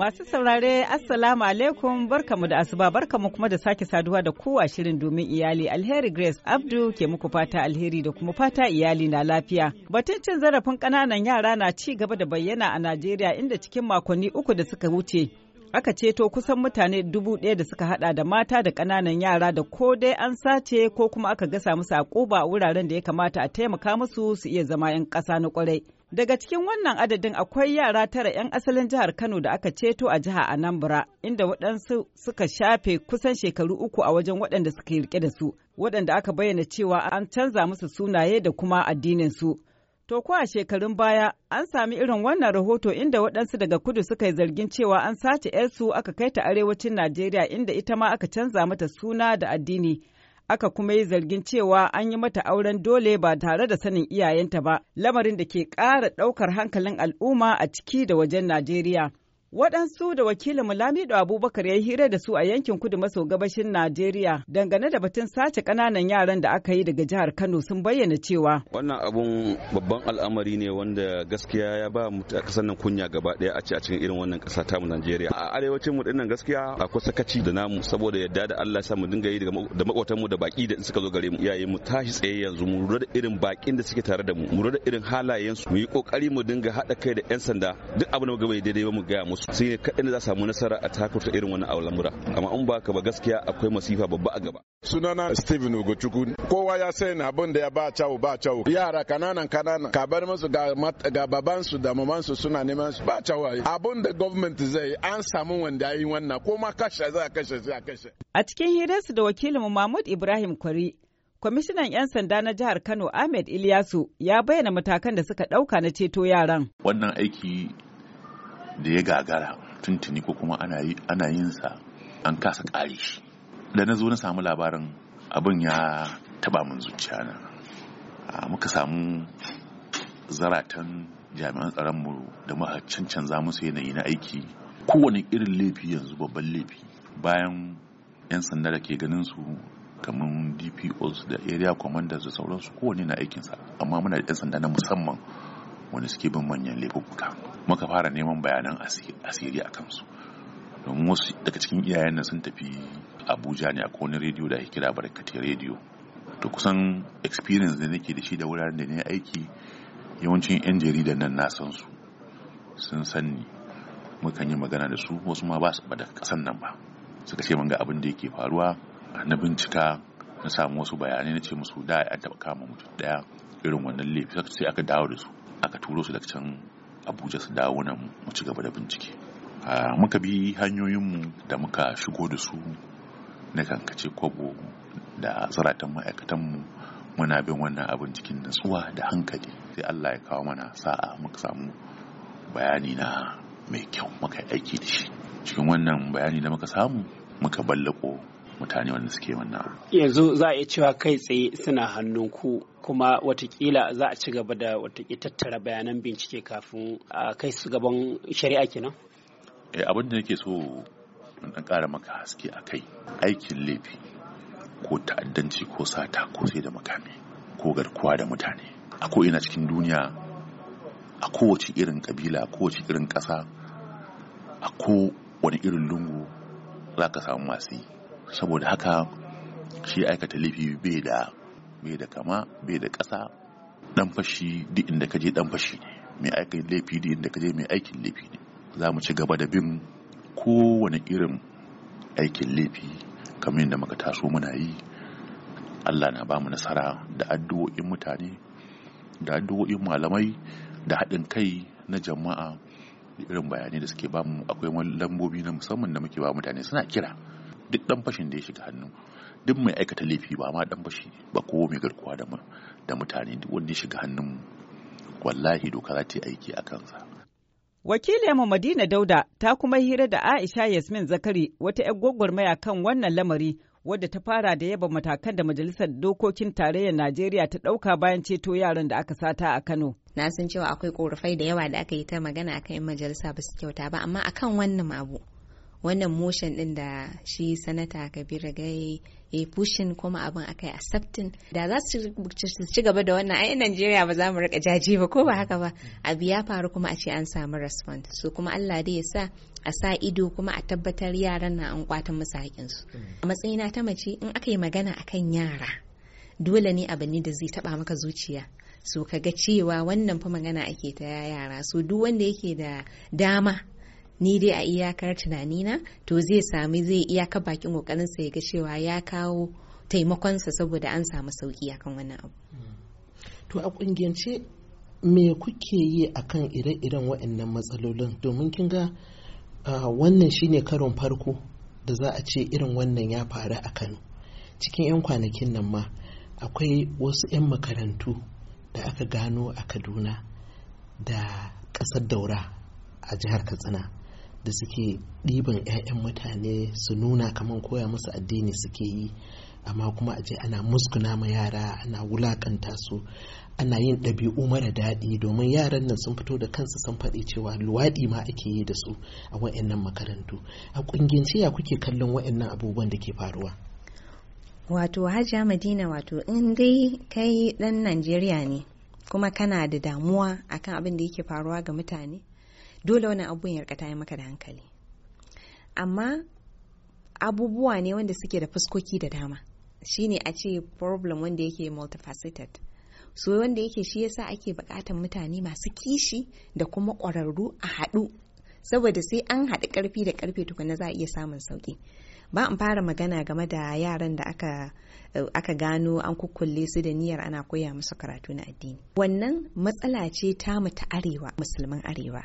Masu saurare Assalamu alaikum barkamu da asuba barkamu kuma da sake saduwa da kowa shirin domin iyali alheri Grace Abdu ke muku fata alheri da kuma fata iyali na lafiya. Batun cin zarafin ƙananan yara na ci gaba da bayyana a Najeriya inda cikin makonni uku da suka wuce aka ceto kusan mutane dubu ɗaya da suka hada da mata da ƙananan yara da ko dai an sace ko kuma aka gasa musu a wuraren da ya kamata a taimaka musu su iya zama 'yan ƙasa na ƙwarai. Daga cikin wannan adadin akwai yara tara 'yan asalin jihar Kano da aka ceto a jiha Anambra, inda waɗansu suka shafe kusan shekaru uku a wajen waɗanda suka rike da su, waɗanda aka bayyana cewa an canza musu sunaye da kuma addinin su. To ko a shekarun baya an sami irin wannan rahoto inda waɗansu daga kudu suka yi zargin cewa an sace 'yarsu aka kai ta arewacin Najeriya inda ita ma aka canza mata suna da addini. aka kuma yi zargin cewa an yi mata auren dole ba tare da sanin iyayenta ba, lamarin da ke ƙara ɗaukar hankalin al'umma a ciki da wajen Najeriya. Waɗansu da wakilin Mulamido Abubakar ya yi hira da su a yankin kudu maso gabashin Najeriya dangane da batun sace ƙananan yaran da aka yi daga jihar Kano sun bayyana cewa. Wannan abun babban al'amari ne wanda gaskiya ya ba mu ƙasar nan kunya gaba ɗaya a ce a cikin irin wannan ƙasa ta mu Najeriya. A arewacin mu dinnan gaskiya akwai sakaci da namu saboda yadda da Allah sa mu dinga yi da makwatan mu da baƙi da suka zo gare mu. Iyaye mu tashi tsaye yanzu mu lura da irin baƙin da suke tare da mu, mu lura da irin halayen mu yi ƙoƙari mu dinga haɗa kai da 'yan sanda duk abin da mu ga daidai ba mu gaya musu. su sai kaɗan da za samu nasara a takurta irin wannan al'amura amma in ba ka ba gaskiya akwai masifa babba a gaba sunana steven ogochukwu kowa ya na abin da ya ba cawo ba cawo yara kananan kananan ka bar musu ga babansu da mamansu suna neman su ba cawo abin da government zai an samu wanda yi wannan ko ma kashe za a kashe za a kashe a cikin hirarsu da wakilin mahmud ibrahim kwari Kwamishinan 'yan sanda na jihar Kano Ahmed Ilyasu ya bayyana matakan da suka ɗauka na ceto yaran. Wannan aiki da ya gagara tuntuni ko kuma ana yin sa an kasa kare shi da na zo na samu labarin abin ya taba mun zuciya na muka samu zaratan jami'an tsaronmu da muka cancanza musu yanayi na aiki kowane irin laifi yanzu babban laifi bayan 'yan sanda da ke ganin su kamar dpos da area commanders da sauransu kowane na aikinsa amma muna da 'yan sanda na musamman Wani suke bin manyan laifuka muka fara neman bayanan asiri a kansu domin wasu daga cikin iyayen nan sun tafi abuja ne a Kone rediyo da ake kira barkatai rediyo to kusan experience da nake da shi da wuraren da na aiki yawancin 'yan jaridan nan na san su sun sanni mukan yi magana da su wasu ma ba su da kasan nan ba suka ce ga abin da yake faruwa na bincika na samu wasu bayanai na ce musu da an taɓa kama mutum daya irin wannan laifi sai aka dawo da su aka turo su daga can abuja su dawo nan mu ci gaba da bincike muka bi hanyoyinmu da muka shigo da su na kankace kwabo da zaratan ma'aikatanmu muna bin wannan abin cikin natsuwa da hankali sai allah ya kawo mana sa'a muka samu bayani na mai kyau muka aiki da shi cikin wannan bayani da muka samu muka ballako mutane wanda suke wannan yanzu za a iya cewa kai tsaye suna hannun ku kuma watakila za a ci gaba da watakila tattara bayanan bincike kafin a kai su gaban shari'a kenan eh abin da nake so in ƙara maka haske a kai aikin laifi ko ta'addanci ko sata ko sai da makami ko garkuwa da mutane a ina cikin duniya a kowace irin kabila a kowace irin ƙasa a ko wani irin lungu za ka samu masu yi saboda haka shi aikata laifi bai da bai da kama bai da ƙasa dan fashi duk inda ka dan fashi ne mai aikin laifi duk inda ka je mai aikin laifi ne za mu ci gaba da bin kowane irin aikin laifi kamar yadda muka taso muna yi Allah na ba mu nasara da addu'o'in mutane da addu'o'in malamai da haɗin kai na jama'a irin bayanai da suke bamu akwai lambobi na musamman da muke ba mutane suna kira duk dan fashin da ya shiga hannu duk mai aikata laifi ba ma dan fashi ba ko mai garkuwa da da mutane duk wanda ya shiga hannun wallahi doka za ta yi aiki a kansa Wakilinmu Madina Dauda ta kuma hira da Aisha Yasmin Zakari wata 'yar gwagwarmaya kan wannan lamari wadda ta fara da yaba matakan da Majalisar Dokokin Tarayyar Najeriya ta ɗauka bayan ceto yaran da aka sata a Kano. Na san cewa akwai ƙorafai da yawa da aka yi ta magana akan 'yan majalisa ba su kyauta ba, amma akan wannan abu wannan motion din da shi sanata kabir gai ya pushin kuma abin aka accepting da za su ci gaba da wannan ai Najeriya ba za mu rika jaje ba ko ba haka ba abu ya faru kuma a ce an samu response so kuma Allah dai ya sa a sa ido kuma a tabbatar yaran na an kwatan musu su a matsayina ta mace in aka yi magana akan yara dole ne abu ne da zai taba maka zuciya so ka cewa wannan fa magana ake ta yara so duk wanda yake da dama ni dai a iyakar tunanina to zai sami zai iyaka bakin kokarinsa ya ga cewa ya kawo taimakonsa saboda an samu sauki akan wannan abu to a kungiyance me kuke yi akan ire-iren waɗannan matsalolin domin kin ga wannan shine karon farko da za a ce irin wannan ya faru a kano cikin 'yan kwanakin nan ma akwai wasu 'yan makarantu da aka gano a kaduna da ƙasar daura a jihar katsina da suke ɗiban 'ya'yan mutane su nuna kamar koya musu addini suke yi amma kuma a je ana muskuna ma yara ana wulakanta su ana yin ɗabi'u mara daɗi domin yaran nan sun fito da kansu sun faɗi cewa luwaɗi ma ake yi da su a wa'annan makarantu a ƙungiyance ya kuke kallon wa'annan abubuwan da ke faruwa wato hajji madina wato in dai kai ɗan najeriya ne kuma kana da damuwa akan abin da yake faruwa ga mutane dole wani abun ya rika maka da hankali amma abubuwa ne wanda suke da fuskoki da dama shine a ce problem wanda yake multifaceted so wanda yake shi yasa ake bukatan mutane masu kishi da kuma ƙwararru a haɗu saboda sai an haɗu karfi da ƙarfe tukuna za a iya samun sauƙi ba in fara magana game da yaran da aka aka gano an kukkulle su da niyyar ana koya musu karatu na addini wannan matsala ce ta mu ta arewa musulman arewa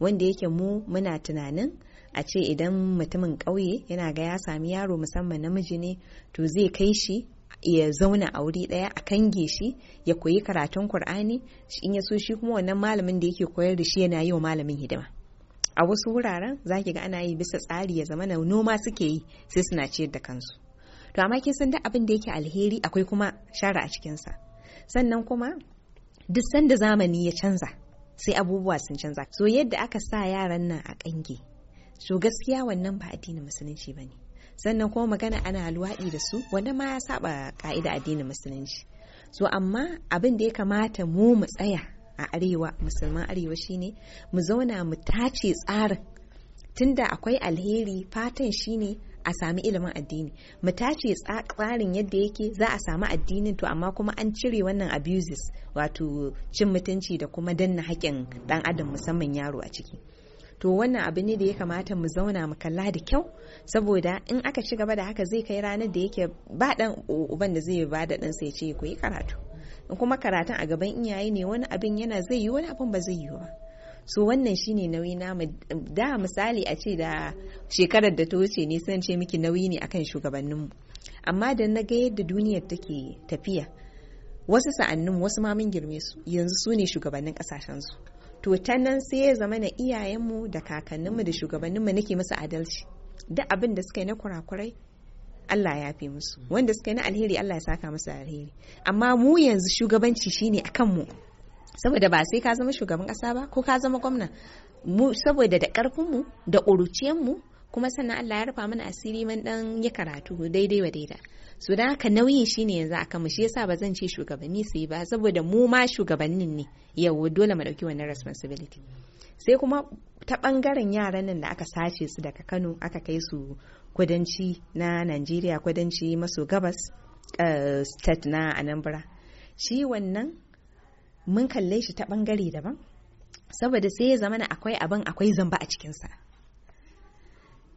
wanda yake mu muna tunanin a ce idan mutumin ƙauye yana ga ya sami yaro musamman namiji ne to zai kai shi ya zauna a wuri ɗaya a kange shi ya koyi karatun ƙur'ani in ya so shi kuma wannan malamin da yake koyar da shi yana yi wa malamin hidima a wasu wuraren za ki ga ana yi bisa tsari ya zama na noma suke yi sai suna ciyar da kansu to amma kin san duk abin da yake alheri akwai kuma share a cikinsa sannan kuma duk sanda zamani ya canza sai abubuwa sun canza so yadda aka sa yaran nan a kange so gaskiya wannan ba addinin musulunci ba ne sannan kuma magana ana luwaɗi da su wanda ma ya saba ka'ida addinin musulunci so amma abin da ya kamata mu mu tsaya a arewa musulman arewa shine mu zauna mu tace tsarin tunda akwai alheri fatan shine a sami ilimin addini mu tashi tsarin yadda yake za a samu addinin to amma kuma an cire wannan abuses wato cin mutunci da kuma danna haƙƙin ɗan adam musamman yaro a ciki to wannan abu ne da ya kamata mu zauna mu kalla da kyau saboda in aka ci gaba da haka zai kai ranar da yake ba dan uban da zai ba da ɗansa ya ce ku yi karatu kuma karatun a gaban iyaye ne wani abin yana zai yi wani abin ba zai yi ba so wannan shine nauyi na da misali a ce da shekarar da ta wuce ne sun ce miki nauyi ne akan shugabanninmu amma da na ga yadda duniyar take tafiya wasu sa'annin wasu ma mun girme su yanzu su ne shugabannin kasashen to ta nan sai ya zama na iyayenmu da kakanninmu da shugabanninmu nake masa adalci duk abin da suka yi na kurakurai Allah ya fi musu wanda suka yi na alheri Allah ya saka musu alheri amma mu yanzu shugabanci shine akan mu saboda ba sai ka zama shugaban kasa ba ko ka zama gwamna mu saboda da karfin mu da ƙuruciyar mu kuma sannan Allah ya rufa mana asiri man dan ya karatu daidai wa daida so dan haka nauyin shine yanzu akan mu shi yasa ba zan ce shugabanni su yi ba saboda mu ma shugabannin ne yau dole mu dauki wannan responsibility sai kuma ta bangaren yaran nan da aka sace su daga Kano aka kai su kudanci na Najeriya kudanci maso gabas eh, state na Anambra shi wannan mun kalle shi ta bangare daban saboda sai ya zamana akwai abin akwai zamba a cikinsa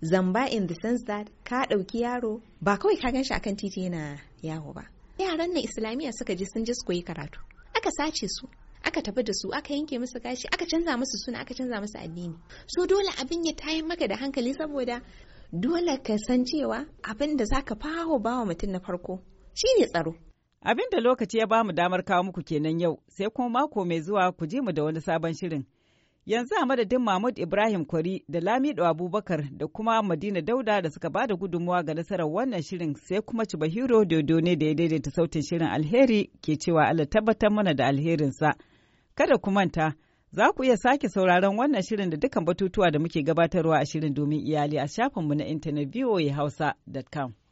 zamba in the sense that ka ɗauki yaro ba kawai ka gan shi akan titi yana yawo ba yaran na islamiyya suka ji sun ji su koyi karatu aka sace su aka tafi da su aka yanke musu gashi aka canza musu suna aka canza musu addini so dole abin ya tayin maka da hankali saboda dole ka san cewa abin da zaka faho bawa mutum na farko shine tsaro Abin da lokaci ya ba mu damar kawo muku kenan yau, sai kuma mako mai zuwa ku ji mu da wani sabon shirin. Yanzu a madadin Mahmud Ibrahim Kwari da Lamido Abubakar da kuma Madina Dauda da suka ba da gudunmuwa ga nasarar wannan shirin sai kuma ci Cibahiro Dodo ne da ya daidaita sautin shirin alheri ke cewa Allah tabbatar mana da alherinsa. Kada ku manta, za ku iya sake sauraron wannan shirin da dukkan batutuwa da muke gabatarwa a shirin domin iyali a shafinmu na intanet voahausa.com.